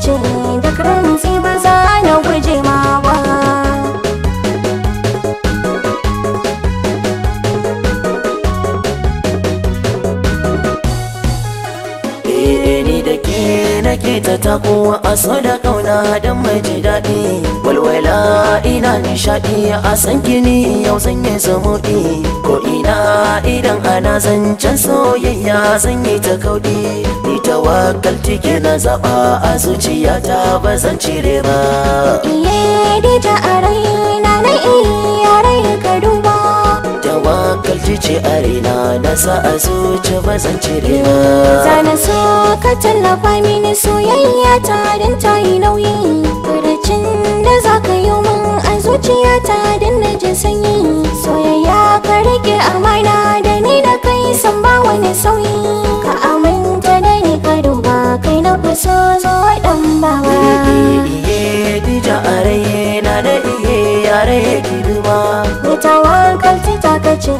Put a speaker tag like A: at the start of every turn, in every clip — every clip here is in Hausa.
A: ce da karanci ba za na guje ma ba ni da ke nake ta tako a so da kauna don mai ji daɗi walwala ina nishaɗi a san gini yau zan yi zamuɗi ko ina idan ana zancen soyayya zan yi ta kauɗi tawakkalti ke na zaba a zuciyata ba zan cire ba iye da ta arai na na iya rai ka duba tawakkalti ce a na sa a zuci ba zan cire ba zana so ka tallafa mini soyayya ta don ta yi nauyi furucin da za ka yi min a zuciyata don na ji sanyi soyayya ka rage amana da ni da kai san ba wani sauyi ka aminta ku so zo dan baba eh dija are na da iye yare girma mutawakkal ta kace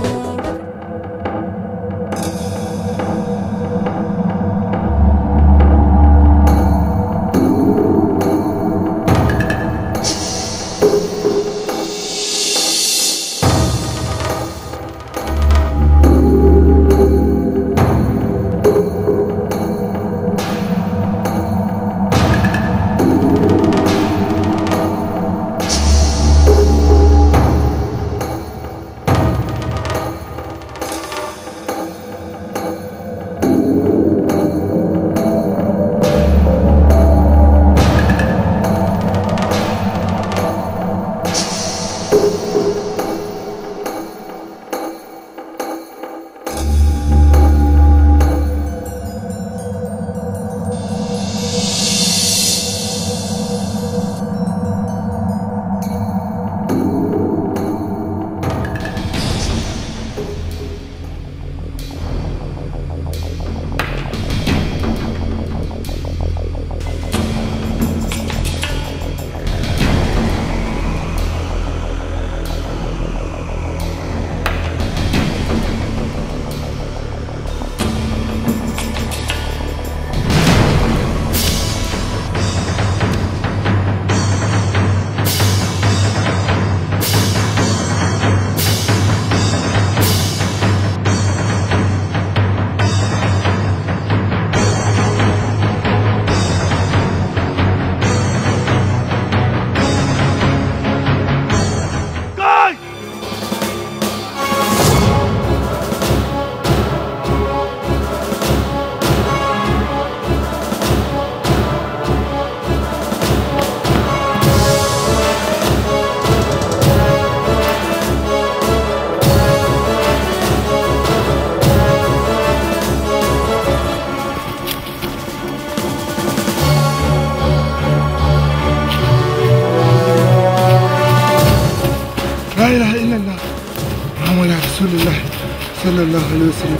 B: الله عليه وسلم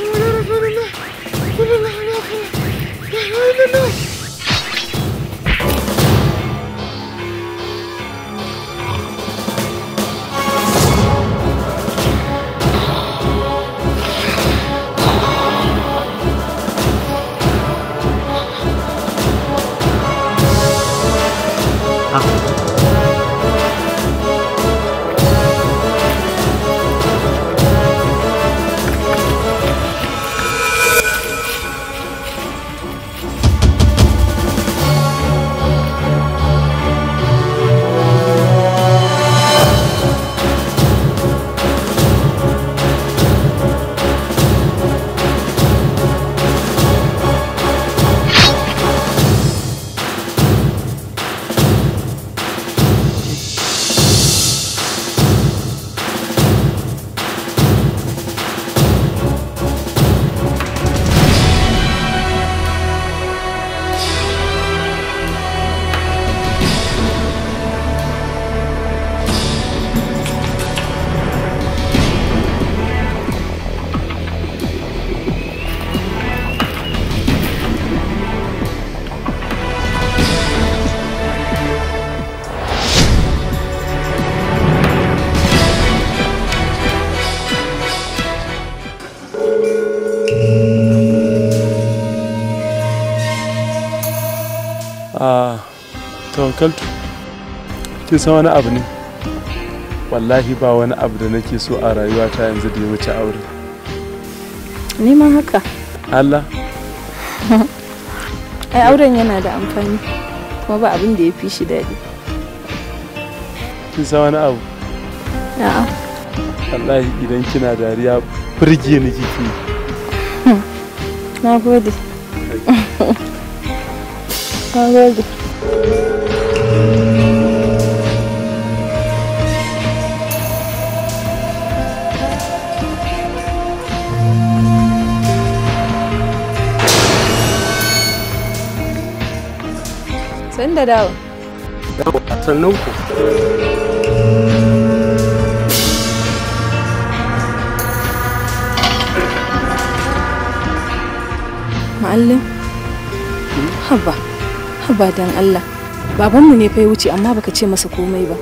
B: محمد رسول الله صلى الله عليه وسلم يا حول الله
C: Ah.
D: kaltu kin san wani abu ne wallahi ba wani abu da nake so a rayuwata yanzu da ya wuce aure
E: neman haka Allah ai auren yana da amfani kuma ba abin da ya fi shi daɗi
D: kin san wani abu a'a wallahi idan kina dariya birge ni kike
E: na gode na gode da dawo ku ma'allin haba haba don allah babanmu ne fai wuce amma baka ce masa komai ba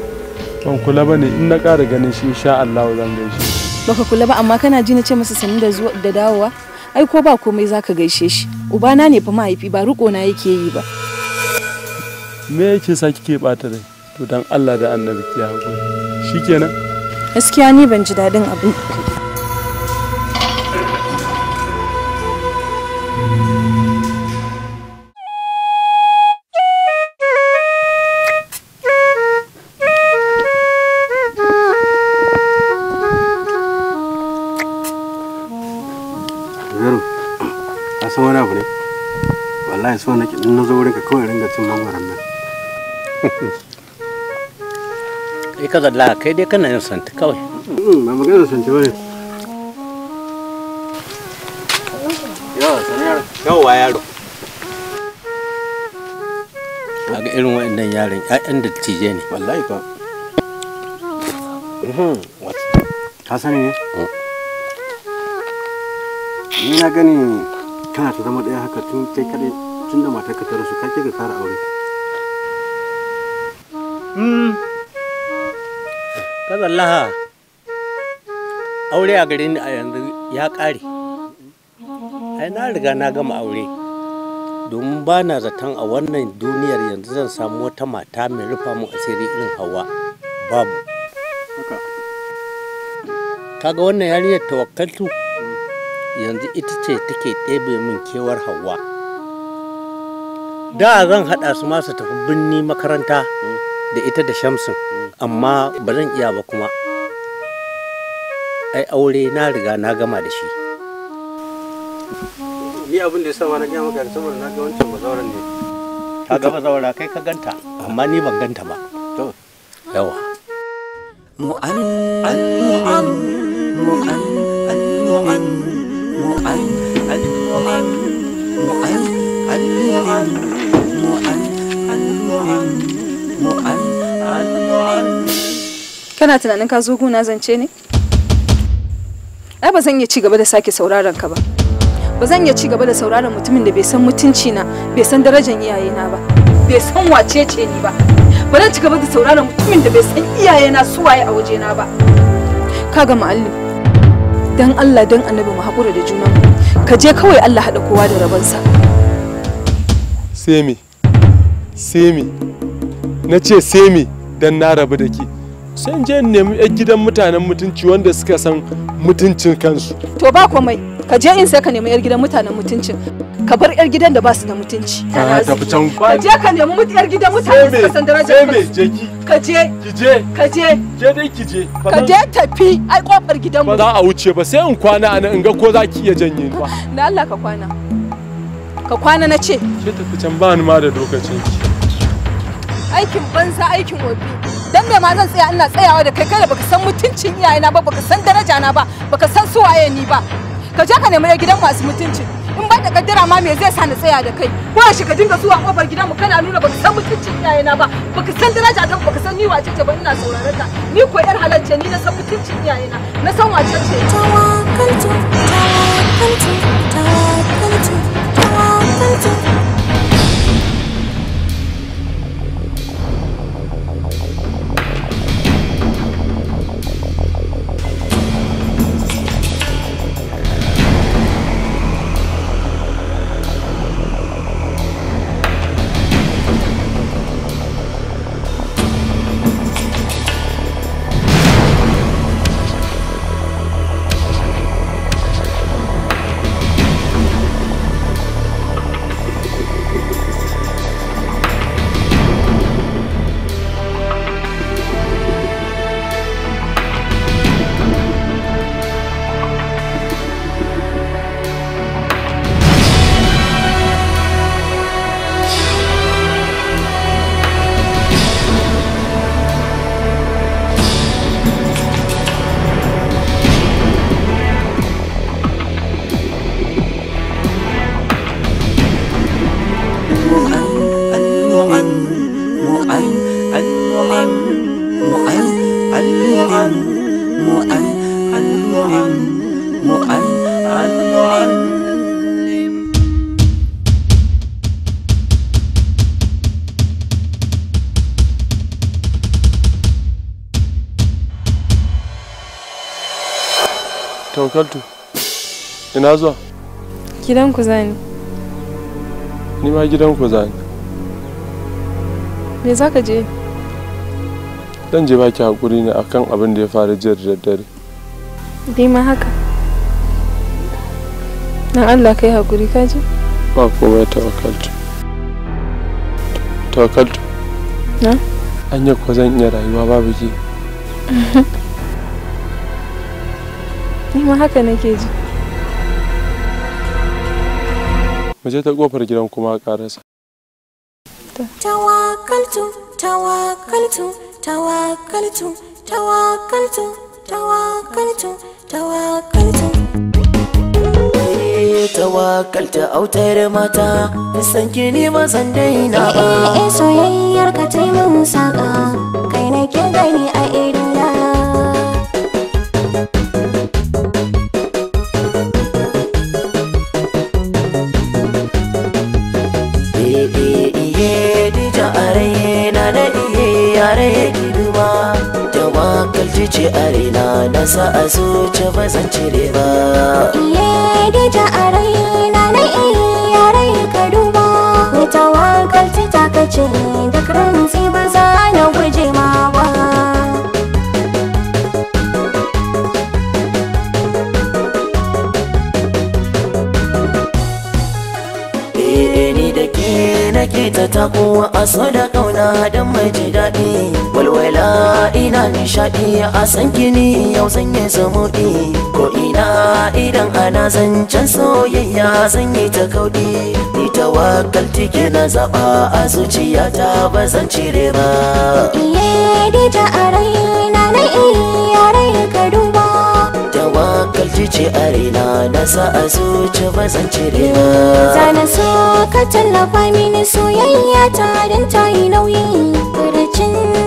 D: ban kula ba ne in na ƙara ganin shi sha Allah zan gaishe
E: baka kula ba amma kana ji na ce masa sanin da da dawowa ai ko ba komai zaka gaishe shi ubana ne fa mahaifi ba riko na yake yi ba
D: me yake sa kike bata rai to dan Allah da annabi ya hakuri shikenan
E: gaskiya ni ban ji dadin abin
C: ka zalla kai dai kana yin santi kawai hmm, ba mu gaza santi bane yawa yaro a ga irin waɗannan yaran ƴaƴan da tije ne wallahi ka
F: hmm. ka sani ne hmm. ni na gani kana ta zama ɗaya haka tun kai kaɗai tun da matar ka tare su ka ke ka kara aure
C: ta aure a gare ni a yanzu ya ƙare ai na riga na gama aure domin ba na zaton a wannan duniyar yanzu zan samu wata mata mai rufa mu asiri irin hawa babu kaga wannan yarinyar tawakkaltu yanzu ita ce take ɗebe min kewar hawa da zan haɗa su ma tafi binni makaranta hmm. da ita da shamsun amma ba zan iya ba kuma ai aure na riga na gama da shi
F: ni abin da ya sama na gaya maka saboda na ga wancan mazauran ne ta gaba zaura kai ka ganta
C: amma ni ban ganta ba to yawa mu'an mu'an mu'an mu'an mu'an mu'an mu'an mu'an
E: Kana tunanin ka zo guna zance ne? Ai ba zan iya ci gaba da sake sauraron ka ba. Ba zan iya ci gaba da sauraron mutumin da bai san mutunci na, bai san darajar iyayena ba, bai san wace ce ni ba. Ba zan ci gaba da sauraron mutumin da bai san iyayena su waye a wajena ba. Kaga ma'allim, dan Allah dan annabi mu haƙura da juna ka je kawai Allah haɗa kowa da rabansa.
D: Sai me? Sai me? Na ce sai me dan na rabu da ke. San je in nemi yan gidan mutanen mutunci wanda suka san mutuncin kansu
E: to ba komai ka je in sai ka nemi yar gidan mutanen mutuncin ka bar yar gidan da ba su da mutunci ka tafi can ka je ka nemi yar gidan mutanen suka san darajar kansu ka je ki je ka je je dai ki je ka je tafi ai kofar gidan mu ba za
D: a wuce ba sai in kwana anan in ga ko za ki iya janye ba
E: na Allah ka kwana ka kwana na ce ki tafi can
D: ba ni ma da lokacin ki
E: aikin banza aikin wofi dan me ma zan tsaya ina tsayawa da kai kai da baka san mutuncin iyayena ba baka san daraja na ba baka san su waye ni ba ka je ka nemi gidan masu mutunci in ba da kaddara ma me zai sa na tsaya da kai ko shi ka dinga zuwa kofar gidan mu kana nuna baka san mutuncin iyayena ba baka san daraja ta baka san ni wace ce ba ina sauraron ka ni ko yar halacce ni na san mutuncin iyayena na san wace
A: ce
D: Tawakkaltu. Ina zuwa?
E: Gidan ku zani.
D: Ni ma gidan ku zani.
E: Me za ka je?
D: Dan je baki hakuri ne akan abin da ya faru jiya da daddare.
E: Dai ma haka. na Allah kai hakuri ka je
D: Ba komai tawakkaltu. Tawakkaltu. Na? Anya ko zan iya rayuwa babu ki.
E: ma haka nake ji
D: mu je ta kofar gidan kuma karasa
A: tawakkaltu tawakkaltu tawakkaltu tawakkaltu eh, tawakkaltu tawakkaltu tawakkalta autar mata san ki ne ma san daina ba eh, eh, soyayyar ka taimun saka kai ne gani a ido ce a raina na sa a ce ba zan cire ba iye da ta a raina na iya rai ka duba ni tawakalci ta kace da rantsi ba za na guje ma ba eh, Nake ta takowa a so da kauna don mai ji daɗi ina ina nishaɗi a san gini yau zan yi zamuɗi ko ina idan ana zancen soyayya zan yi ta kauɗi ni tawakkalti na zaɓa a zuciyata ba zan cire ba iye da ta a raina na iya rai ka duba tawakkalti ce a na sa a zuci ba zan cire ba zana so ka tallafa mini soyayya ta don ta yi nauyi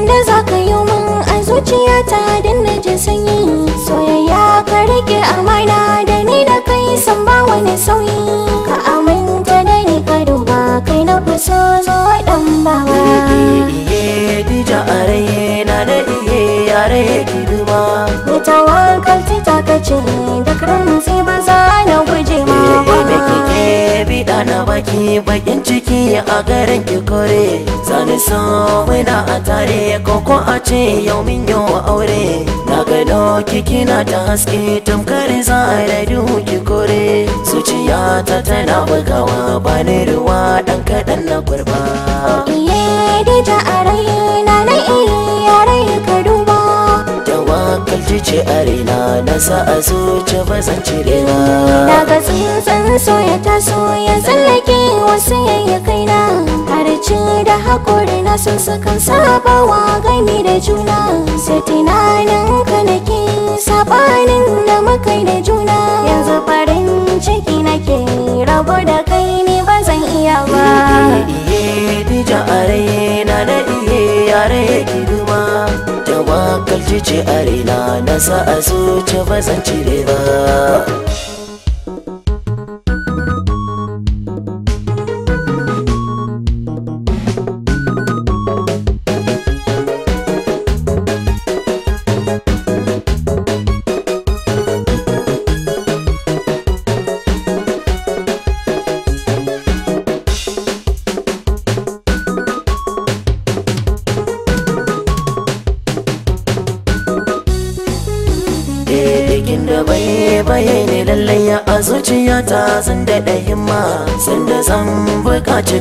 A: da za ka yi min a zuciyata don na ji sanyi soyayya ka rike amana da ni da kai san ba wani sauyi ka aminta da ni ka duba kai na kusa zo dan bawa iye dija are na da iye yare ki duba kalti ta kace da karni na baki bakin ciki a garin kikore kore sani so muna a tare koko a ce yau min yau aure na gano kiki na ta haske tamkar zara ki kore ta tana bugawa ba ni ruwa dan kaɗan na kurba iye da a rai na na iya rai ka duba kalci ce a raina na sa a zuci ba zan cire ba na ga so ya taso ya tsallake wasu yayya kaina harci da hakuri na sun saba sabawa gami da juna sai tunanin ka sabanin da makai da juna yanzu farin ciki nake rabo da kai ne ba zan iya ba iye iye dija a raina na iye yare ki duma makalci ce arena na sa a zuci ba zan cire ba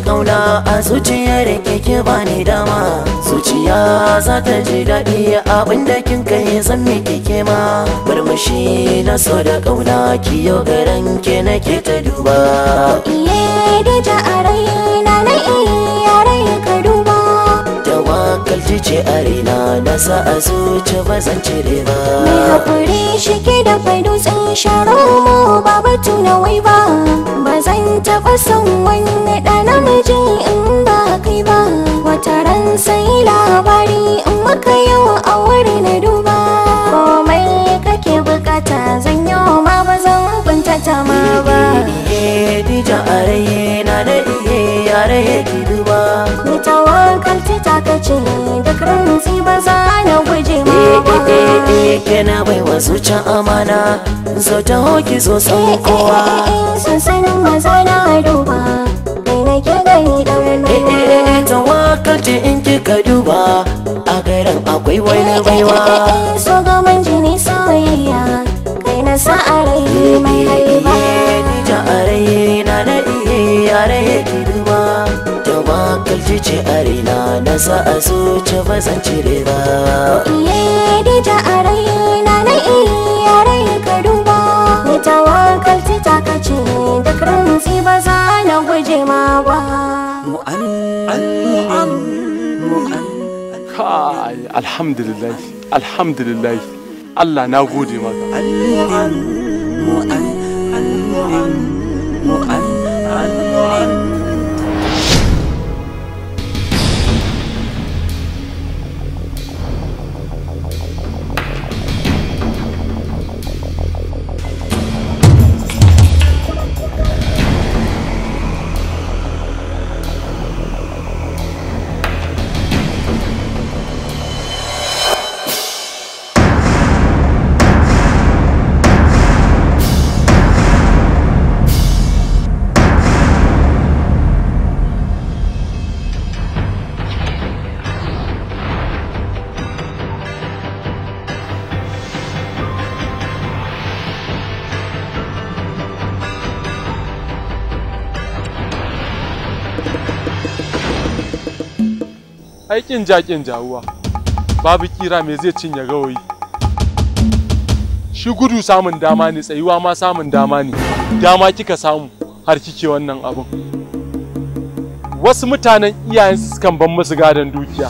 A: Ƙauna a zuciyar keke ba ni dama zuciya za ta ji daɗi abinda kin kai zan mi ke ma murmushi na so da kaula ki yau garan ke nake ta duba iye da ja a na iya ce arena na sa a zuci ba zan cire ba mai haƙuri shi ke da bai dutsen sharo mu ba batu na wai ba ba zan taɓa son wani ɗa namiji in ba kai ba wata ran sai labari in maka yau a wuri na duba komai kake bukata zan yi ma ba zan ta ma ba Dija a na da iye ya duba Ni sa ka ce duk rantsi ba za na guje ma eh, ba eh, eh, yana bai wa zuciyar amana zo ta hoki zo san kowa sun sanin maza na duba mai na ke gani dan waka ce in kika duba a garin akwai wani baiwa so gaman jini soyayya kai na sa a rai mai rai zuci a raina na sa a zuci ba zan cire ba iye da ja a raina na iya rai ka duba ni ta tawakalci ta kace da karanci ba za na guje ma ba mu'an mu'an
D: mu'an kai alhamdulillah alhamdulillah Allah na gode maka
A: mu'an mu'an mu'an
D: ƙin jaƙin jawuwa babu ƙira me zai cinye gawayi shi gudu samun dama ne tsayuwa ma samun dama ne dama kika samu har kike wannan abin wasu mutanen iyayensu sukan ban musu gadon dukiya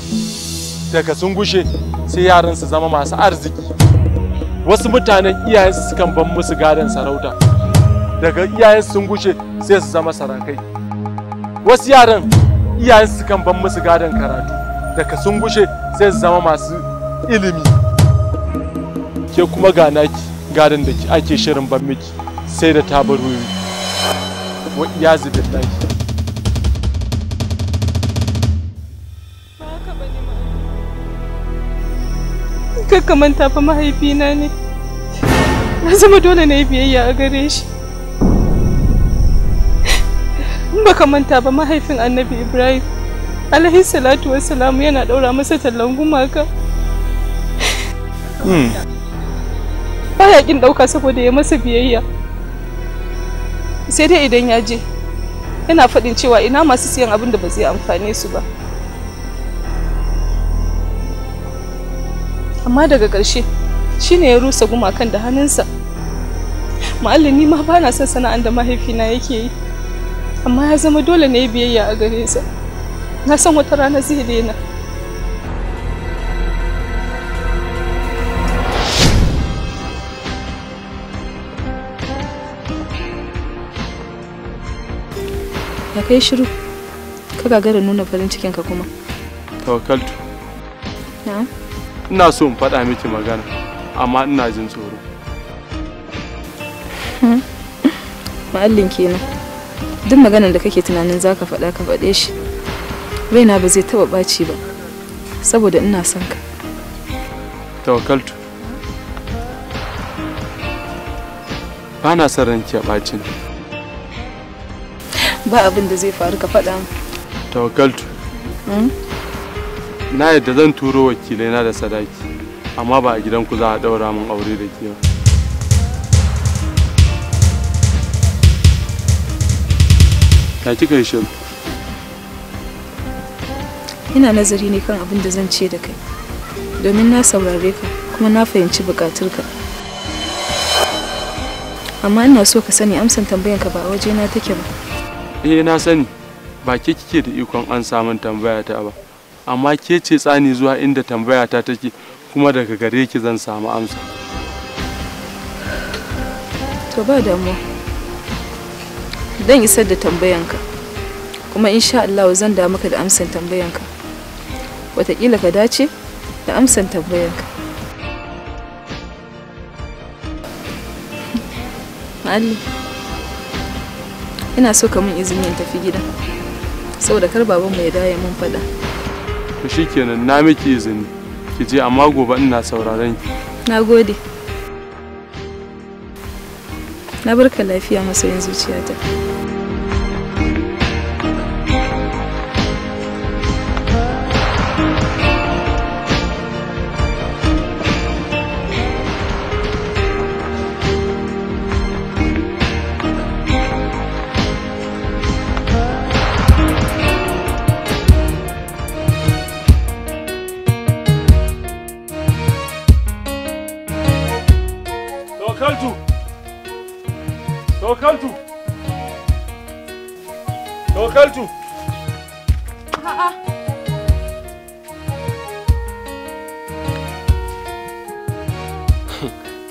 D: daga sun gushe sai yaran su zama masu arziki wasu mutanen iyayensu sukan ban musu gadon sarauta daga iyayensu sun gushe sai su zama sarakai wasu yaran iyayensu sukan ban musu gadon karatu daga sun gushe sai su zama masu ilimi ke kuma ga naki gadon da ake shirin ban miki sai da tabaruri wa iya zubin naki
E: kakka manta mahaifi mahaifina ne na zama dole na yi biyayya a gare shi baka manta ba mahaifin annabi ibrahim alaihi salatu salamu yana ɗaura masa tallan gumaka hmm. baya kin ɗauka saboda ya masa biyayya sai dai idan ya je yana faɗin cewa ina masu siyan abin da ba zai amfane su ba amma daga ƙarshe shine ya rusa gumakan da hannunsa ma'allimi ma ba na son sana'an da mahaifina yake yi amma ya zama dole ne biyayya a gare sa na san wata rana zai daina Ya kai shiru ka gagara nuna farin cikinka kuma tawakkaltu Na?
D: ina so in faɗa miki magana amma ina jin tsoro
E: ma'allin hmm? kenan duk maganar da kake tunanin zaka faɗa ka faɗe shi raina ba zai taba ɓaci ba saboda ina son ka
D: tawakkaltu ba na son ranki a ɓacin
E: ba abin da zai faru ka faɗa mu tawakkaltu hmm?
D: na yadda zan turo wakilai na da sadaki amma ba a gidanku za a ɗaura min aure da ke ba Ya kika yi shiru?
E: ina nazari ne kan abin da zan ce da kai domin na saurare ka kuma na fahimci ka amma ina so ka sani amsan ka ba waje na take ba
D: eh na sani ba ke kike da ikon an samun tambaya ta ba amma ke ce tsani zuwa inda tambaya ta take kuma daga gare ki zan samu amsa
E: to ba damuwa dan isar da tambayanka kuma insha Allah zan da maka da amsan tambayanka watakila ka dace da amsan tambayarka ma'alli ina so ka mun izini in tafi gida saboda kar baban ya daya mun faɗa
D: to shikenan na miki izini ki je amma gobe ina sauraron ki
E: na gode na barka lafiya masoyin zuciyata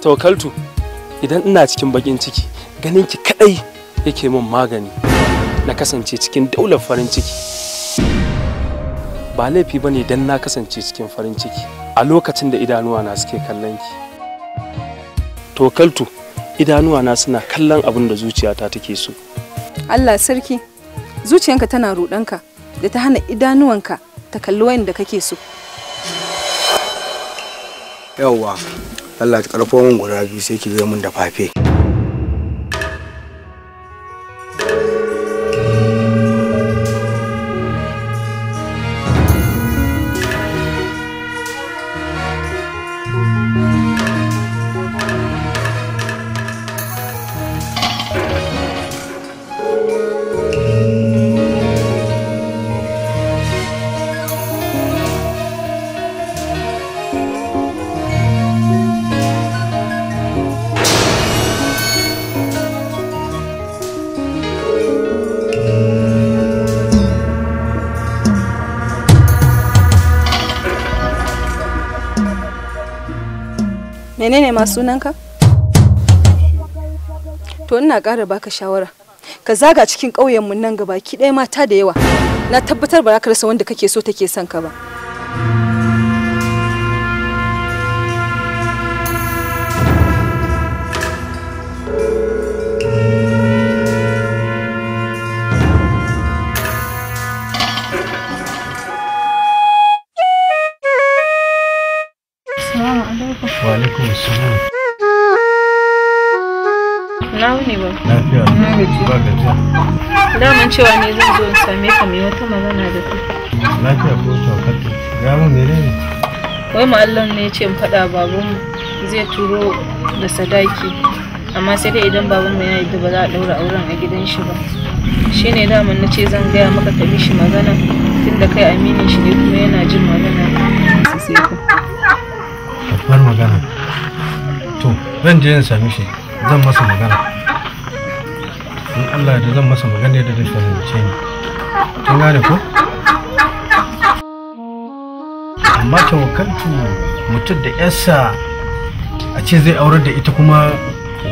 F: tawakaltu idan ina cikin bakin ciki ganin ki kadai yake min magani na kasance cikin daular farin ciki. Ba laifi ba ne don na kasance cikin farin ciki a lokacin da idanuwa na suke kallon ki. tawakaltu idanuwa na suna kallon abin da zuciyata take so.
E: Allah sarki zuciyanka tana rudanka da ta hana idanuwanka ta kalli wayan da kake so.
F: Yawwa Allah ya karfo min guda biyu sai ki zo mun da fafe
E: ma sunanka? To ina ƙara baka shawara. Ka zaga cikin ƙauyenmu nan gaba ki ɗaya mata da yawa. Na tabbatar ba za ka rasa wanda kake so take son ka ba. wai ma'allam ne ce in faɗa babanmu zai turo da sadaki amma sai dai idan babanmu ya yadda ba za a ɗaura auren a gidan shi ba shi ne daman na ce zan gaya maka ka mishi magana tunda kai aminin shi ne kuma yana jin magana sai ku
F: babbar magana to zan je in sami shi zan masa magana in Allah da zan masa magana da zai fahimce ni kin gane ko amma wakantu mutum da yarsa a ce zai aurar da ita kuma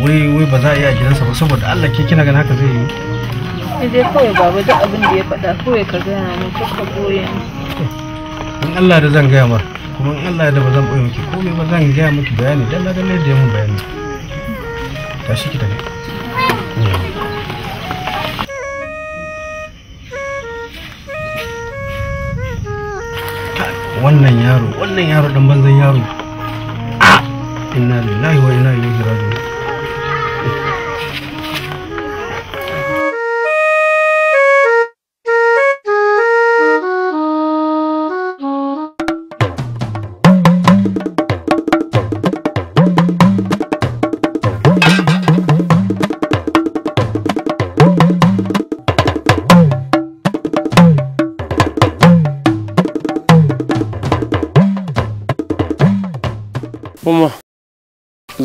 F: wai wai ba za a yi a gidansa ba saboda Allah ke kina ganin haka zai yi
E: sai kawai baba duk abin da ya faɗa kawai ka gaya min kakka goye
F: in Allah da zan gaya ma kuma in Allah da ba zan boye miki komai ba zan gaya miki bayani dan na ga ne da mun bayani tashi ki
A: tafi
F: wannan yaro wannan yaro dan banzan yaro a inna lillahi wa inna ilaihi raji'un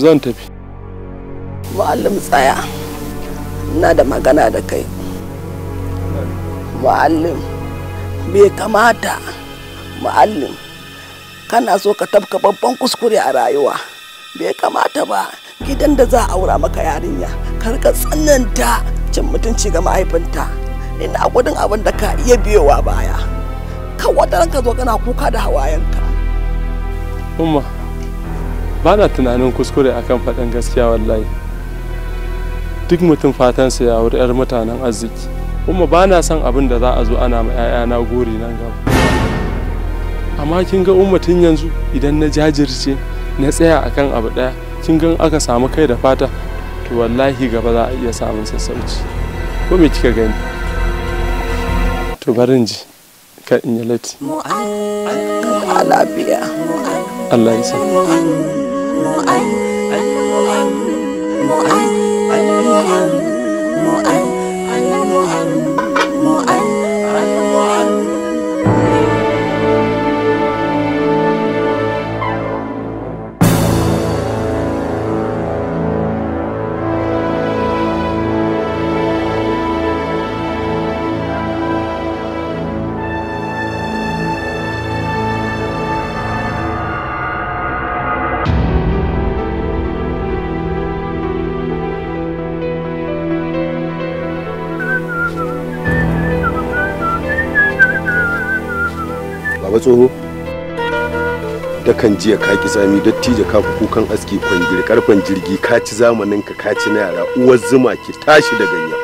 D: zan tafi
G: mu'allim tsaya ina da magana da kai mu'allim bai kamata mu'allim kana so ka tafka babban kuskure a rayuwa bai kamata ba gidan da za a aura maka yarinya karka tsananta cin mutunci ga mahaifinta ina gudun abin da ka iya biyowa baya Kawai wata ranka zo kana kuka da hawayenka
D: umma ba na tunanin kuskure akan faɗin gaskiya wallahi duk mutum fatansa ya wuri 'yar mutanen arziki kuma ba na son abin da za a zo ana ma 'ya'yana gori nan gaba amma kin ga ummatin yanzu idan na jajirce na tsaya akan abu ɗaya kin ga aka samu kai da fata to wallahi gaba za a iya samun sassauci ko me kika gani to barin ji ka in yi lati Allah ya sa
A: 我爱你，摩安，摩
B: tsoho dakan jiya ka ki tsami dattijo ka kukan aski kwangir karfan jirgi ka ci zamanin ka ka ci na yara uwar zuma ki tashi da ganya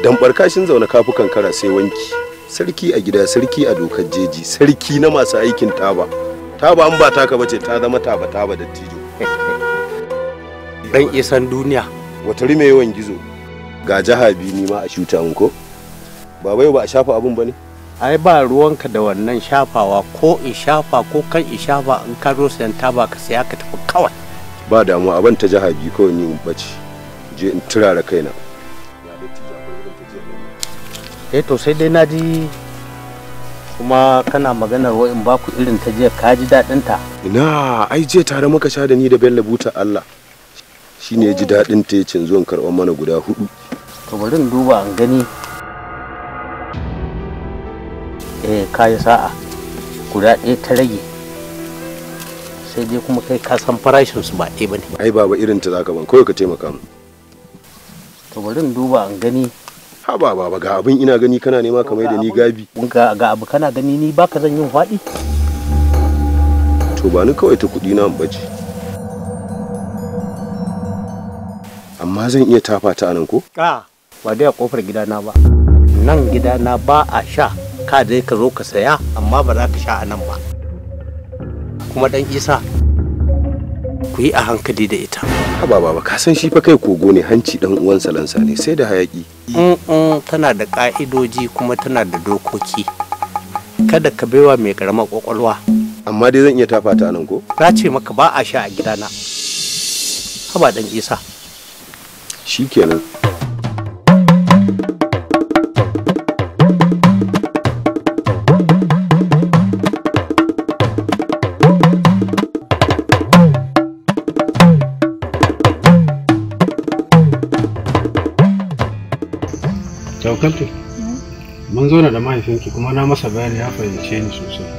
B: dan barkashin zaune fi kankara sai wanki sarki a gida sarki a dokar jeji sarki na masu aikin taba taba an ba ta ka bace ta zama taba taba dattijo dan isan duniya wata rime yawan gizo ga jaha biyu ma a shuta ko ba bai ba a shafa abun ba ne ai ba ruwanka
C: da wannan shafawa ko in shafa ko kan in shafa in ka zo sayan taba ka saya ka tafi
B: kawai ba damuwa abin ta jaha bi kawai ni bace je in turara kaina
C: eh to sai dai naji ji kuma kana maganar wa'in baku irin ta jiya ka ji daɗin ta
B: ina ai jiya tare muka sha da ni da bello buta Allah shine ya ji daɗin ta yace ce zuwan karɓar mana guda hudu to bari in duba in gani ya eh,
C: kayi sa'a guda ɗaya ta rage sai dai kuma kai ka san
B: farashin su ba ɗaya bane ai baba irin ta zaka ban kawai ka taimaka mu to bari in duba an gani ha ba baba ga abin ina gani kana nema mai da ni gabi ga ga abu kana gani ni baka zan yin faɗi to ba ni kawai ta kuɗi na bace amma zan iya tafa ta anan ko ah,
C: ba dai a kofar gidana ba nan gidana ba a sha ka dai ka zo ka saya amma ba za ka sha a nan ba kuma dan isa ku yi a hankali da ita
B: haba baba ka san shi fa kai kogo ne hanci dan uwan salansa ne sai da hayaki
C: tana da ka'idoji kuma tana da dokoki kada ka baiwa mai karamar kwakwalwa amma dai zan iya tafa ta nan ko ta ce maka ba a sha a gidana haba dan isa shikenan
F: kaltin mun zauna da mahaifinki kuma na masa bayani ya fahimce ni sosai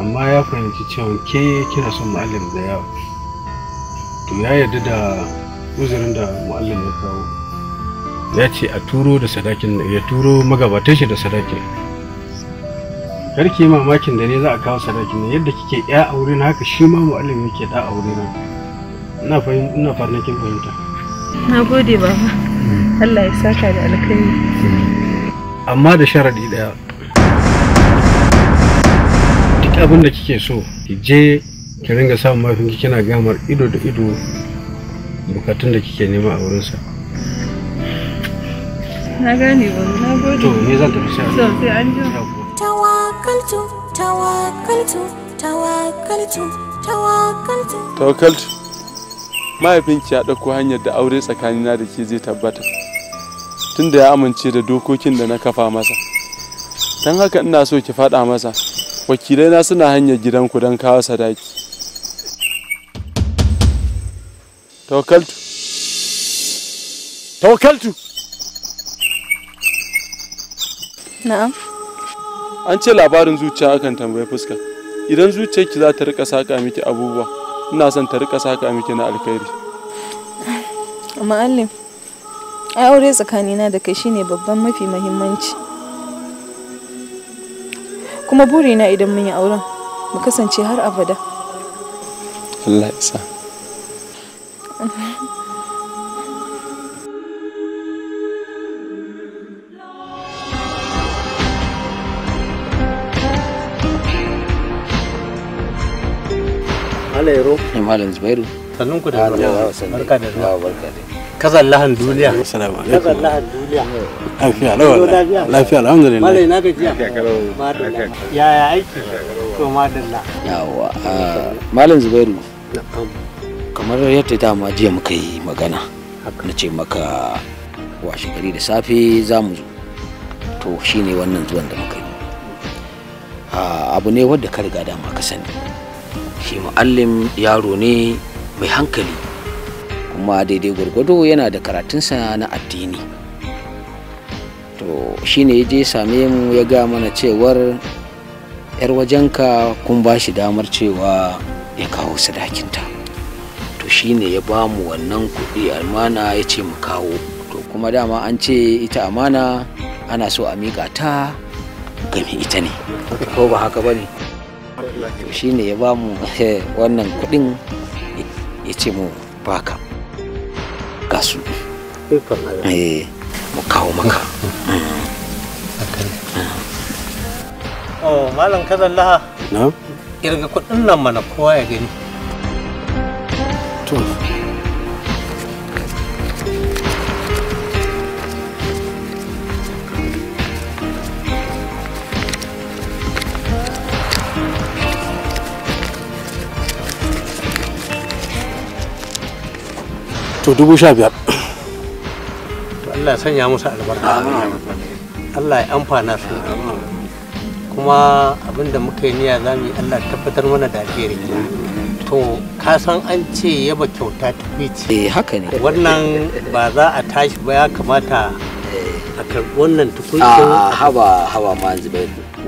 F: amma ya fahimci cewa ke kina son mu'allim da yawa to ya yarda da uzurin da mu'allim ya kawo ya ce a turo da sadakin ya turo magabatan shi da sadakin karki mamakin da ne za a kawo sadakin ne yadda kike ya aure na haka shi ma mu'allim yake da aure na ina farnakin fahimta
E: na gode ba hmm. Allah ya saka da alkhairi
F: hmm. amma da sharadi daya duk abin da kike so ki je ki ringa samun mafin kina gamar ido da ido bukatun da kike nema a wurinsa
A: na gane na gode to
F: me zan tafi sai
A: sai an ji tawakkaltu tawakkaltu tawakkaltu tawakkaltu tawakkaltu
D: mahaifinki ya ɗauko hanyar da aure tsakanina da ke zai tabbata tunda ya amince da dokokin da na kafa masa don haka ina so ki faɗa masa wakilaina suna hanyar gidanku don kawo sadaki tawakaltu tawakaltu na'am an ce labarin zuciya akan tambayi fuska idan zuciyarki za ta rika saƙa miki abubuwa ina son ta rika saka miki na alkhairi
E: ma'allim ai aure na da kai shine babban mafi muhimmanci kuma burina idan mun yi auren mu kasance har abada
D: Allah sa
F: Lairo. Malam Zubairu. Sannun ku da zuwa. Barka da zuwa. duniya. Assalamu
C: duniya. Lafiya lawa. Lafiya alhamdulillah.
G: na ah, Zubairu. Kamar yadda dama jiya muka yi magana. Na ce maka washe gari da safe za mu zo. To shine wannan zuwan da muka yi. Ah, abu ne wadda ka riga dama ka sani shi mu'allim yaro ne mai hankali kuma daidai gwargwado yana da karatunsa na addini to shine ya je same mu ya ga mana cewar yar wajenka kun ba shi damar cewa ya kawo sadakinta to shine ya ba mu wannan kuɗi almana ya ce mu kawo to kuma dama an ce ita amana ana so a miƙa ta game ita ne ko ba haka ba ne shi ne ya ba mu eh, wannan kuɗin ya ce mu baka gasu eh,
C: mu kawo maka ah. oh malam kazan laha na irga kuɗin nan mana kowa ya gani
F: to dubu sha biyar
C: Allah ya sanya musu albarka Allah ya amfana su kuma abinda muka yi niyya za mu yi Allah tabbatar mana da alheri to ka san an ce yaba kyauta ta fice eh, haka ne wannan ba za a tashi ba ya
G: kamata a karɓi wannan tukuncin ah, haba haba ma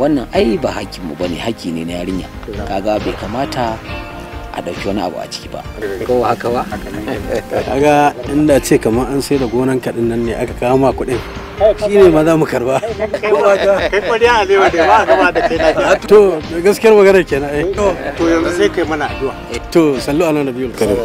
G: wannan ai ba hakinmu bane haki ne na yarinya kaga bai kamata a ɗauki wani abu a ciki
F: ba ko haka ba kaga inda ce kamar an sai da gonan kaɗin nan ne aka kama kuɗin shi ne ma za mu karba to gaskiyar magana kenan eh. to yanzu sai kai mana addu'a to sallu ala nabiyul karim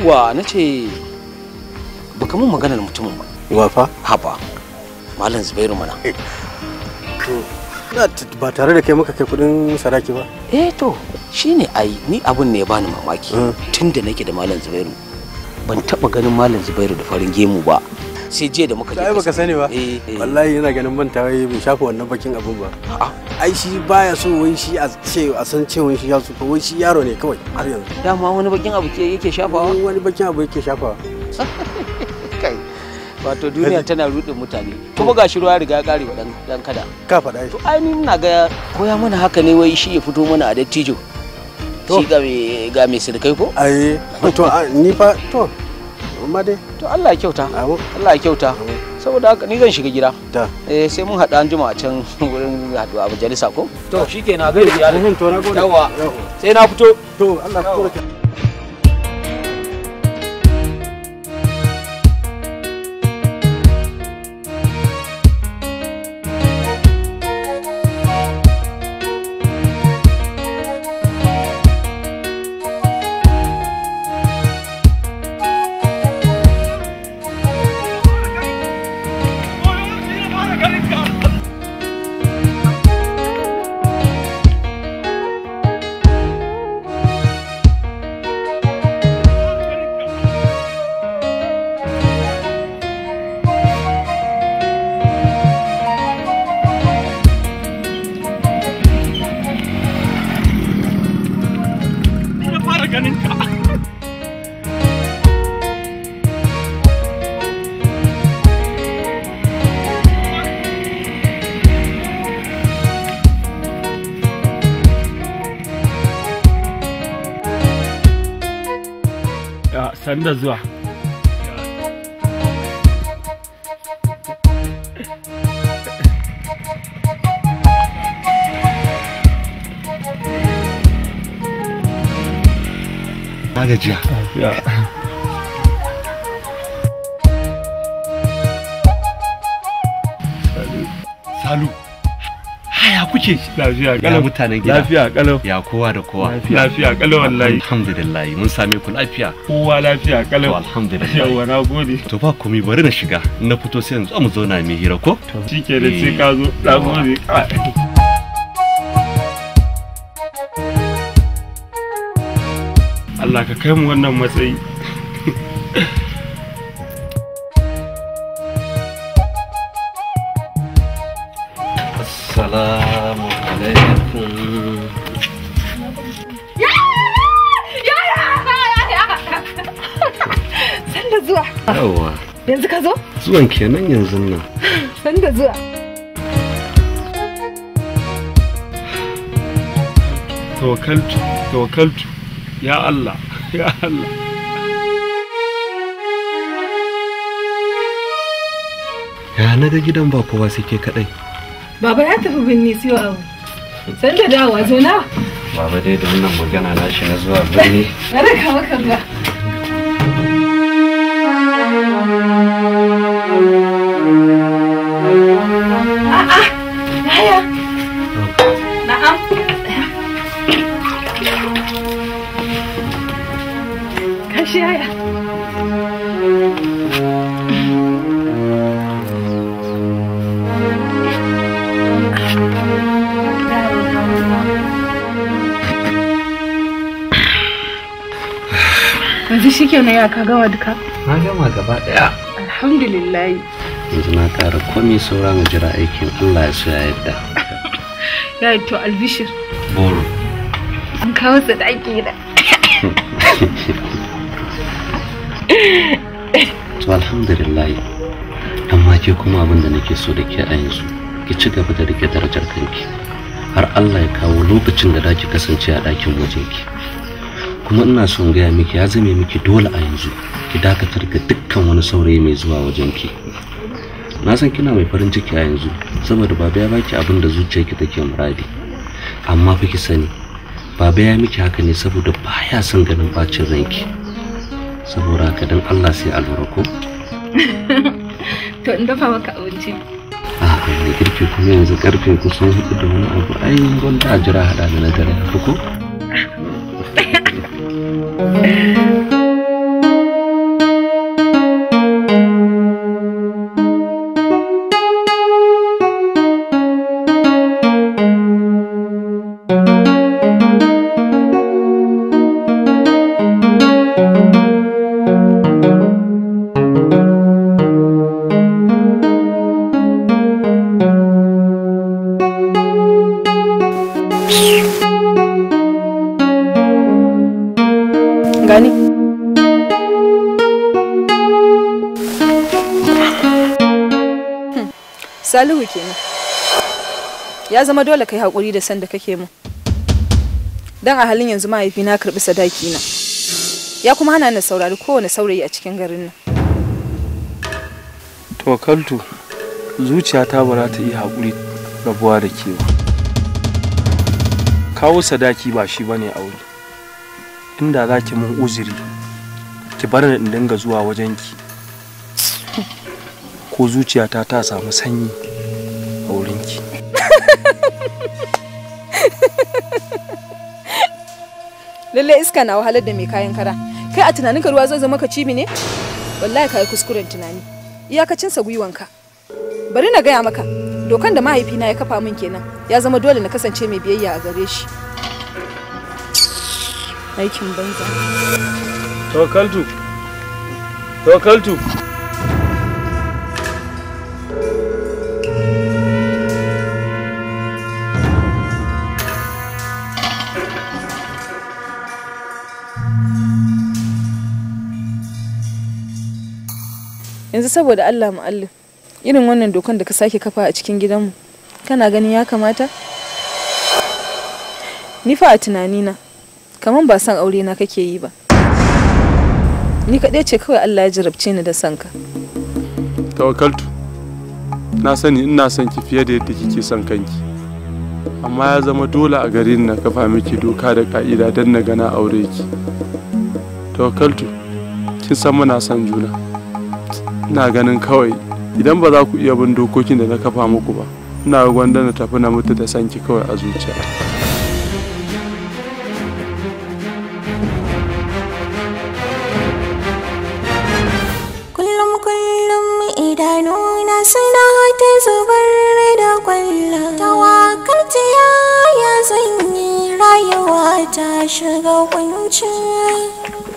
G: wa na ce
F: ba maganar mutumin ba yawa fa haba malam zubairu mana eh, ba tare da kai muka kai kudin saraki ba eh to
G: shine ai ni abun ne ya bani mamaki hmm. tunda nake da malam zubairu ban taba ganin malam zubairu da farin gemu ba sai jiya da muka je ba
F: ka sani ba eh, eh. wallahi ina ganin ban tawaye bai shafa wannan bakin abun ba a'a ai shi baya so wai shi a ce a san cewa shi ya tsufa wai shi yaro ne kawai har yanzu dama wani bakin abu ke yake shafawa wani bakin abu yake shafawa
G: kai wato duniya tana rudin mutane kuma gashi ruwa riga ya kare wa dan kada ka faɗa to ai ni ina ga koya mana haka ne wai shi ya fito mana a dattijo shi ga me ga mai sirkai ko ai to
F: ni fa to
G: amma dai to Allah ya kyauta Allah ya kyauta Amin. saboda haka ni zan shiga gida eh sai mun haɗa anjima a can wurin haɗuwa a majalisa ko to shikenan gairi ya to na gode yawa
F: sai na fito to Allah ya sannu da zuwa
D: Magajiya. kuke lafiya kalau mutanen gida lafiya
C: kalau ya kowa da kowa lafiya kalau wallahi alhamdulillah mun same ku
D: lafiya kowa lafiya kalau alhamdulillah yawa
C: na gode to ba komai bari na shiga na fito sai yanzu mu zo na mai hira ko shike da sai ka
D: zo na
F: eh, gode Allah ka kai mu wannan matsayi zuwan kenan yanzu nan
E: san da zuwa
F: tawakkaltu tawakkaltu ya Allah ya Allah
C: ya na da gidan ba kowa sai ke kadai
E: baba ya tafi birni siyo abu san da dawa zo na
F: baba dai da wannan magana na shi na zuwa
C: binni
E: na raka maka ba yaya ka gama duka?
A: Na
C: gama gaba daya.
E: Alhamdulillah.
C: Yanzu na ƙara komai saura mu jira aikin Allah ya soya ya yadda.
E: Ya to albishir. Boro. An kawo su ɗaki da.
C: To alhamdulillah. Amma ke kuma abin da nake so da ke a yanzu. Ki ci gaba da rike darajar kanki. Har Allah ya kawo lokacin da za ki kasance a ɗakin wajenki. kuma ina son gaya miki ya zame miki dole a yanzu ki dakatar da dukkan wani saurayi mai zuwa wajen ki na san kina mai farin ciki a yanzu saboda baba ya baki abin da zuciyarki take muradi amma fa ki sani baba ya miki haka ne saboda baya son ganin bacin ranki saboda haka dan Allah sai a ko
E: to inda fa maka abinci
C: a'a girki
B: kuma yanzu karfe kusan hudu da wani abu ai a jira hada da na dare ko Música uhum.
E: ya zama dole kai hakuri da san da kake min dan a halin yanzu mahaifi na karɓi sadaki na ya kuma hana na saurari kowane saurayi a cikin garin nan
F: tawakkaltu zuciyata ba za ta iya haƙuri rabuwa da ke ba kawo sadaki ba shi bane a wuri inda za ki mun uzuri ki bar ni in dinga zuwa wajenki ko zuciyata ta samu sanyi a
E: lallai iska na wahalar da mai kayan kara kai a ka ruwa zai zama ka ne wallahi ka yi kuskuren tunani iyakacinsa gwiwanka bari na gaya maka dokan da mahaifina ya kafa min kenan ya zama dole na kasance mai biyayya a gare shi aikin banza
F: tokaltu tokaltu
E: yanzu saboda allah mu'allim irin wannan dokan da ka sake kafa a cikin gidanmu kana ganin ya kamata ni fa a tunanina kamar ba san aure na kake yi ba ni kaɗai ce kawai allah ya jarabce ni da sanka
D: tawakkaltu na sani ina son ki fiye da yadda kike son kanki amma ya zama dole a gare ni na kafa miki doka da ka'ida don na gana aure ki tawakkaltu kin san muna son juna ina ganin kawai idan ba za ku iya bin dokokin da na kafa muku ba ina gwanda na tafi na mutu da sanki kawai a zuciya
A: kullum kullum idanuna suna ta zubar da kwallon tawakalci ya ya zanyi rayuwa ta shiga kuncin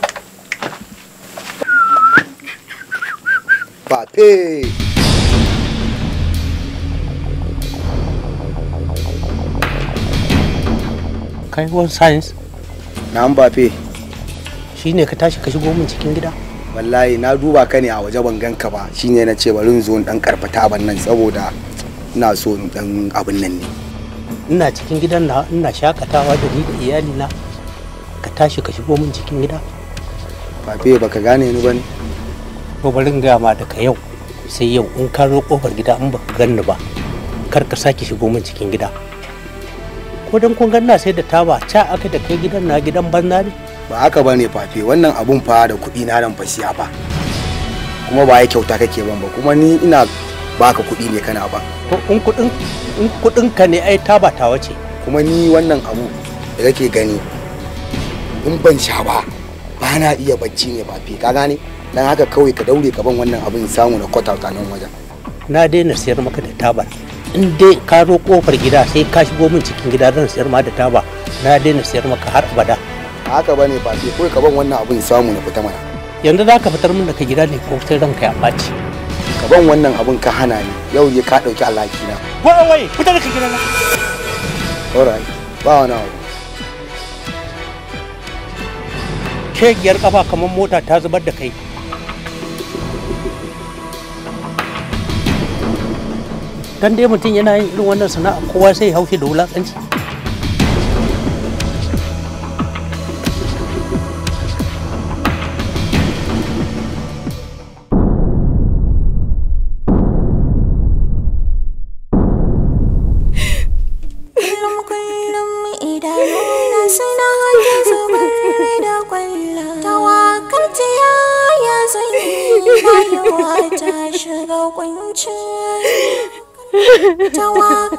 C: Mbappe. Kai wani science? Na an Shi ne ka tashi ka shigo min cikin gida?
B: Wallahi na duba ka ne a waje ban ganka ba shine na ce bari in zo in dan karfata ban nan saboda ina so in dan abin nan ne.
C: Ina cikin gidan na ina shakatawa da ni da iyalina ka tashi ka shigo min cikin gida.
B: bafe baka gane ni ba ne?
C: to barin ma daga yau sai yau in ka zo kofar gida in baka ganni ba kar ka sake shigo min cikin gida ko dan kun ganna sai da taba ca aka da kai gidan na
B: gidan banza ne ba haka bane fafe wannan abun fa da kuɗi na nan fa siya fa kuma ba ya kyauta kake ban ba kuma ni ina baka kuɗi ne kana ba to in kuɗin
C: in kuɗin ka ne ai taba tawa ce kuma ni wannan abu da kake gani in ban sha ba ba na iya bacci ne fafe ka gane dan haka kawai ka daure ka ban wannan abin samu na kwata ta nan wajen na daina siyar maka da tabar in dai ka zo kofar gida sai ka shigo min cikin gida zan siyar ma da taba na daina siyar maka har abada
B: haka bane ba sai kawai ka ban wannan abin samu na fita mana
C: yanzu za ka fitar min daga gida ne ko sai ranka ya ɓaci ka ban wannan abin ka hana ni yau ne ka ɗauki alhaki na
E: wai wai fita daga gida na
C: alright ba wani abu giyar kafa kamar mota ta zubar da kai dan dai mutum yana yin irin wannan sana'a kowa sai ya hauke da wulakanci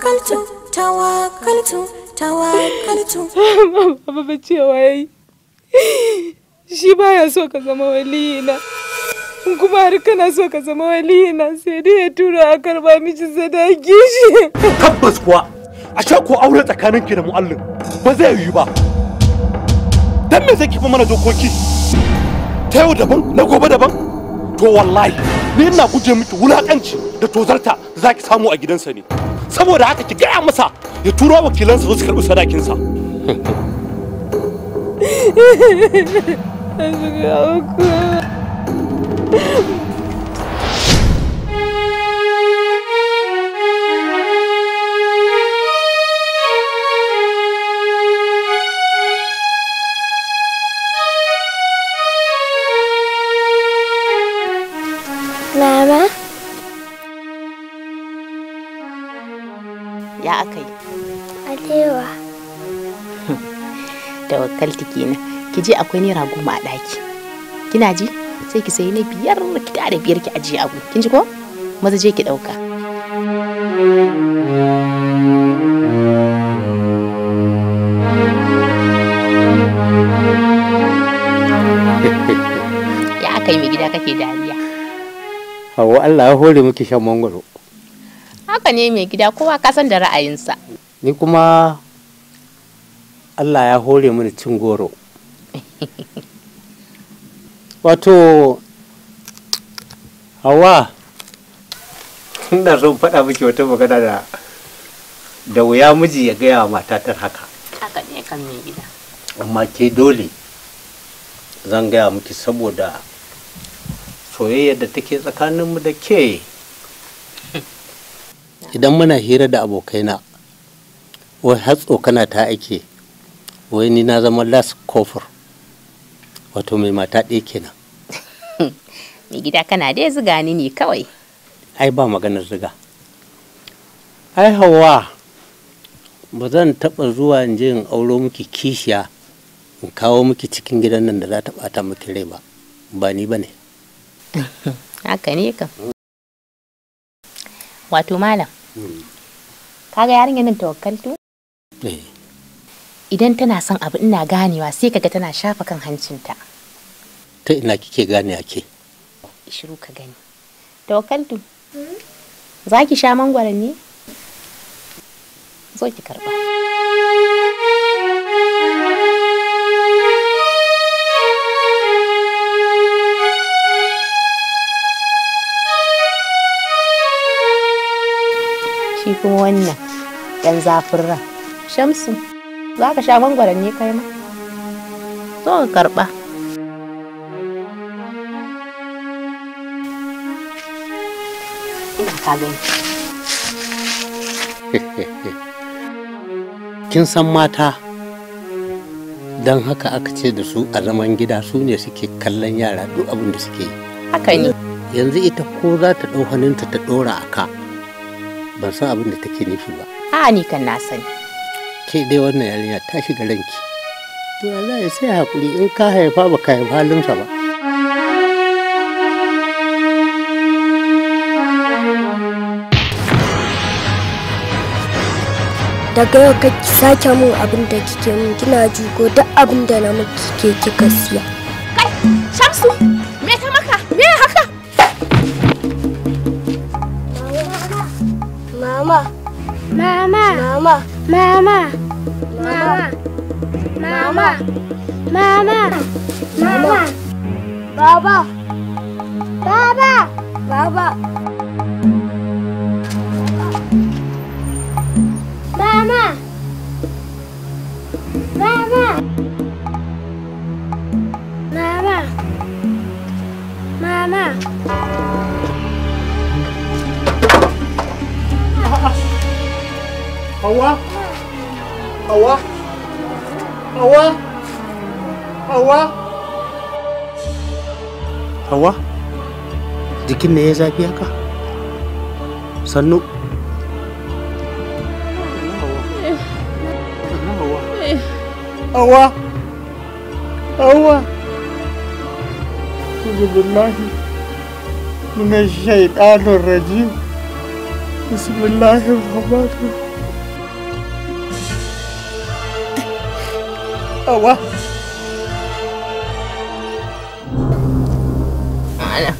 A: tawakkaltu tawakkaltu tawakkaltu baba ba cewa
E: yayi shi baya so ka zama waliyina kuma har kana so ka zama waliyina sai dai ya tura a karba miji da shi
D: tabbas kuwa a sha ko aure tsakanin ki da mu'allim ba zai yi ba dan me zai ki mana dokoki ta yau daban na gobe daban to wallahi ni ina guje miki wulakanci da tozarta zaki samu a gidansa ne saboda haka ki gaya masa ya turo wakilansa su karɓi sadakinsa
H: fakalti kenan ki je akwai naira goma a ɗaki kina ji sai ki sayi na biyar ki da biyar ki ajiye abu kin ji ko maza je ki ɗauka ya aka yi mai gida kake dariya
C: hawa Allah ya hore muke shan mangoro.
H: haka ne mai gida kowa kasan da ra'ayinsa
C: ni kuma allah ya hore mana cin goro wato hawa ina son faɗa miki wata magana da da wuya miji ya gaya wa matatar haka
H: haka ne kan mai gida
C: amma ke dole zan gaya miki saboda soyayyar da take tsakaninmu da ke idan muna hira da abokaina wai har tsokana ta ake wai ni na zama las kofur wato mai mata ɗaya kenan
H: mai gida kana dai ziga ni ne kawai
C: ai ba maganar ziga ai hawa ba zan taɓa zuwa in je in auro miki kishiya in kawo miki cikin gidan nan da za ta ɓata miki rai ba ba ni ba ne
H: haka ne kam wato malam hmm. kaga yarinya nan tawakkaltu eh idan tana son abu ina ganewa sai kaga tana shafa kan hancinta
C: ta ina kike gane ake
H: shiru ka gani tawakkaltu za ki sha mangwaron ne zo ki karba shi kuma wannan ɗan zafin ran shamsu za ka sha mangwaron ne kai ma zo ka karɓa
C: kin san mata don haka aka ce da su a zaman gida su ne suke kallon yara duk abin da suke yi haka ne yanzu ita ko za ta ɗau hannunta ta ɗora a ka ban san abin da take nufi ba a ni kan na sani ce dai wannan yarinya ta shiga ranki to Allah ya sai hakuri in ka haifa ba ka haifa halinsa ba
A: daga yau ka sake mun abin da kike mun kina jugo duk abin da na miki ke kika siya kai shamsu
H: me ka maka me haka
A: mama mama mama mama Mama. Mama. Mama. Mama. Baba. Baba. Baba. Mama. Mama. Mama. Mama.
C: Hậu quá Awa, Awa, Awa, Awa, Jikin ne ya zafi haka? Sannu? Awa. Hawa? Bismillahi min shaitanir rajim. Bismillahir rahmanir rahim.
E: Hawa. Mana,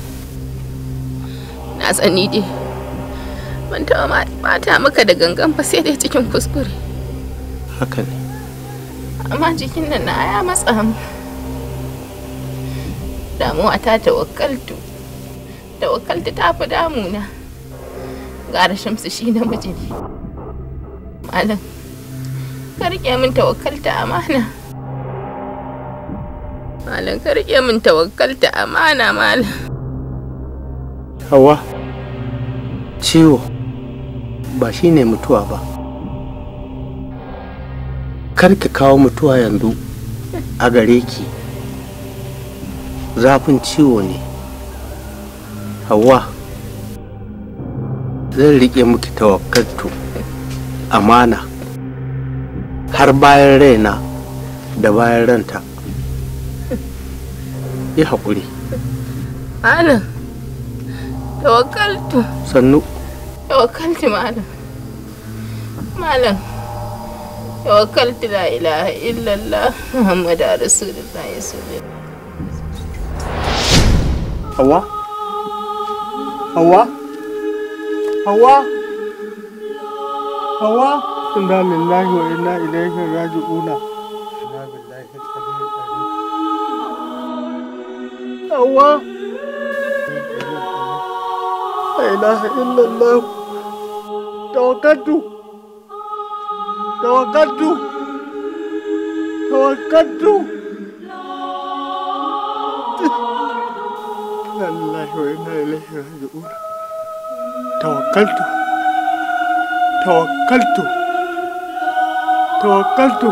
H: na sani dai, ban taɓa mata maka da gangan ba sai dai cikin kuskure. Haka ne. Amma jikin nan na ya matsa mu. Damuwa ta tawakkaltu, tawakkaltu ta fi damuna. Gara shamsu shi namiji ne. Malam, ka riƙe min tawakkalta amana. malam ka rike min tawakkalta amana malam
C: hawa ciwo ba shi ne mutuwa ba kar ki kawo mutuwa yanzu a gare ki zafin ciwo ne hawa zan riƙe miki tawakkaltu amana har bayan raina da bayan ranta yi haƙuri
H: malam tawakkaltu sannu tawakkaltu malam malam tawakkaltu la ilaha illallah muhammadu rasulullah sallallahu
F: Hawa? Hawa? Hawa? Hawa? Inna lillahi wa inna ilaihi raji'una. hawa
D: la ilaha illallah tawakkaltu
C: tawakkaltu tawakkaltu lallahi wa inna ilaihi raji'un tawakkaltu tawakkaltu tawakkaltu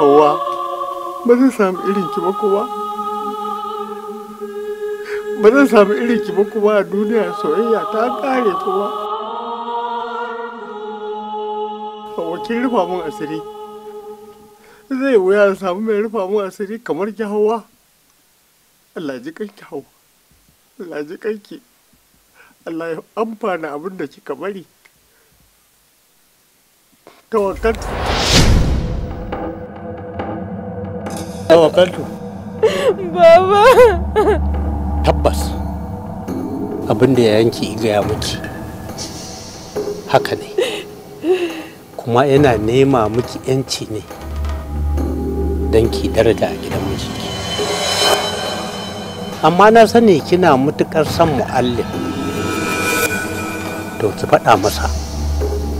C: hawa ba zan samu irin ki ba kowa ba zan samu irin ki ba kowa a duniya soyayya ta kare kowa a wakil rufa mun asiri zai wuya samu mai rufa mun asiri kamar ki hawa Allah ji kan ki hawa Allah ji kan ki Allah ya amfana abin da kika bari tawakkaltu
A: tawakkaltu baba
C: tabbas abin da ya yanki ya miki haka ne kuma yana nema miki yanci ne don ki daraja a gidan mijinki amma na sani kina mutukar son mu'allim to ki faɗa masa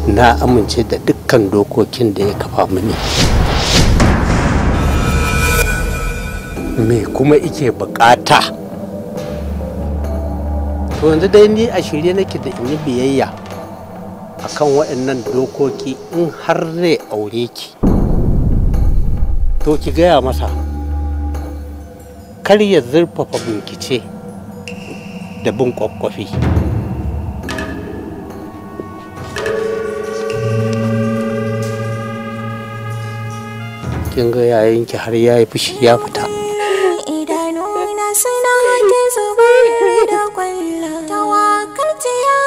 C: na amince da dukkan dokokin da ya kafa mini. me kuma ike bukata to yanzu dai ni a shirye nake da in yi biyayya akan waɗannan dokoki in har zai aure ki to ki gaya masa kar ya zurfafa bincike da bin kwakwafi kin ga yayin ki har yayi fushi ya fita
A: ta zubar da kwalla tawakalciya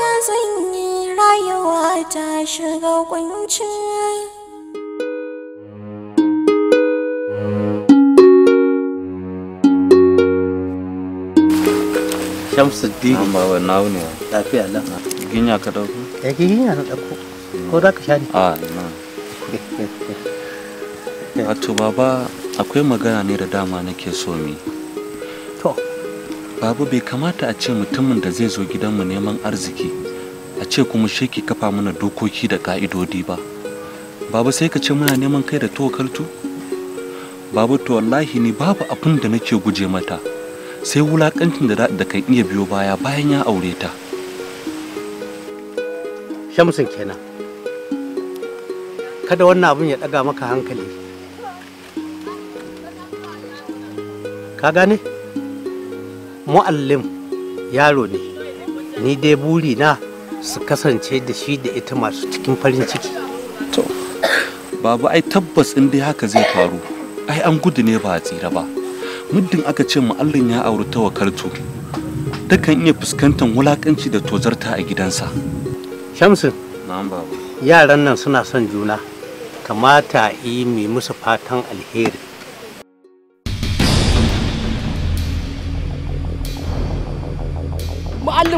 A: ya yi rayuwa ta shiga kunci
C: Shamsuddin. Amma ba na wuni ba. Lafiya Ginya ka dauko? ginya na dauko. Ko za ka sha na. Wato baba akwai magana ne da dama nake so mi. babu bai kamata a ce mutumin da zai zo gidanmu neman arziki a ce kuma sheki kafa mana dokoki da ka'idodi ba babu sai ka ce muna neman kai da tokaltu babu to wallahi ni babu abin da nake guje mata sai wulakancin da da kan iya biyo baya bayan ya aure ta shamsin kenan kada wannan abin ya daga maka hankali ka gane mu'allim yaro ne ni dai buri na su kasance da shi da ita masu cikin farin ciki to babu ai tabbas in dai haka zai faru ai an gudu ne ba a tsira ba muddin aka ce mu'allin ya auri ta Ta takan iya fuskantar wulakanci da tozarta a gidansa shamsin yaran nan suna son juna kamata yi mai musu fatan alheri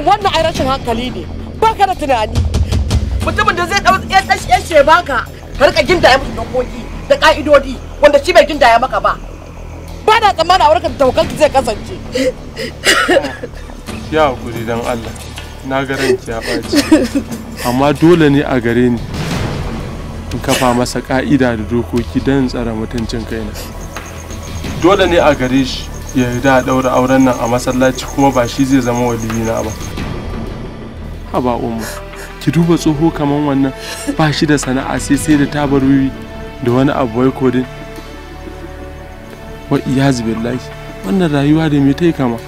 G: wannan wannan ai rashin hankali ne ba ka da tunani mutumin da zai dau ya ce baka ka rika ginda ya mutum dokoki da ka'idodi wanda shi bai ginda ya maka ba ba na tsammanin aurka da tawakkalki zai kasance
D: ya hakuri dan Allah na ga ya ɓaci amma dole ne a gare ni in kafa masa ka'ida da dokoki don tsara mutuncin kaina dole ne a gare shi ya yi da ɗaura auren nan a masallaci kuma ba shi zai zama waliyi na ba haba umma ki duba tsoho kamar wannan ba shi da sana'a sai sai da tabar da wani abu wai kodin wa iyazu wannan rayuwa da me ta yi kama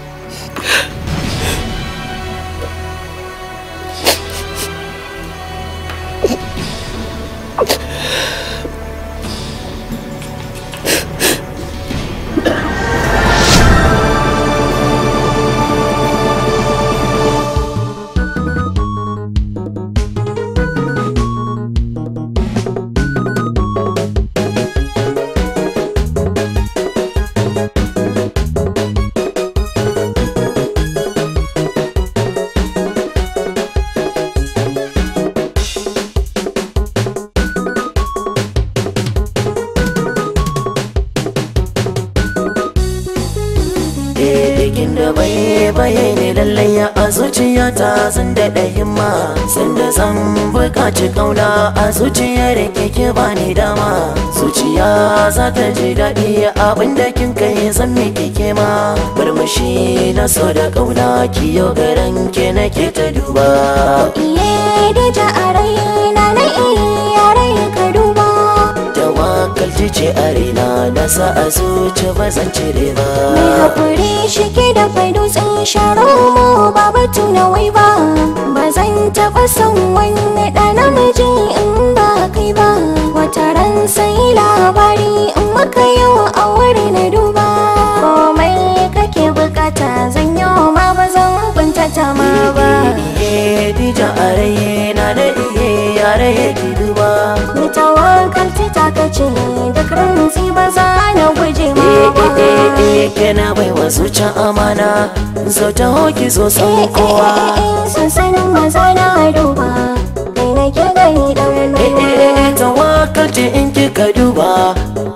A: zan buƙaci ƙauna a zuciyar keke ke bani dama zuciya za ta ji daɗi abin da kin kai zan miki ma murmushi na so da ƙauna ki yau garan ke nake ta duba iye da ja a raina na iya rai ka duba tawakalci ce a raina na sa a zuci ba zan cire ba mai haƙuri shi ke da fai dutsen sharo ba batu na wai ba ban taɓa son wani ɗa namiji in ba kai ba wata ran sai labari in maka yau a wuri na duba komai kake bukata zan wa ma ba zan ta ma ba Dija a na da iye yare ki duba Ni tawakalci ta kace duk rantsi ba za na guje ma yake na baiwa wa zuciyar amana zo ta hoki zo san kowa sun sanin maza na duba kai na ke gani in kika duba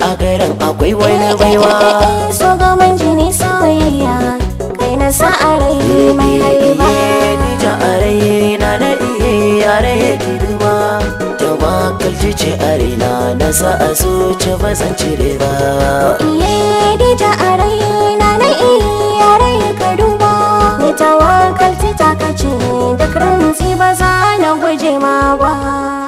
A: a garin akwai wani baiwa so gaman jini soyayya kai na sa a rai mai haiba ni ja a na yare ya ce a na sa a zuci ba zan cire ba iye dija a raina na iya rai ka ni tawakalci ta kace duk ranzi ba za guje ma ba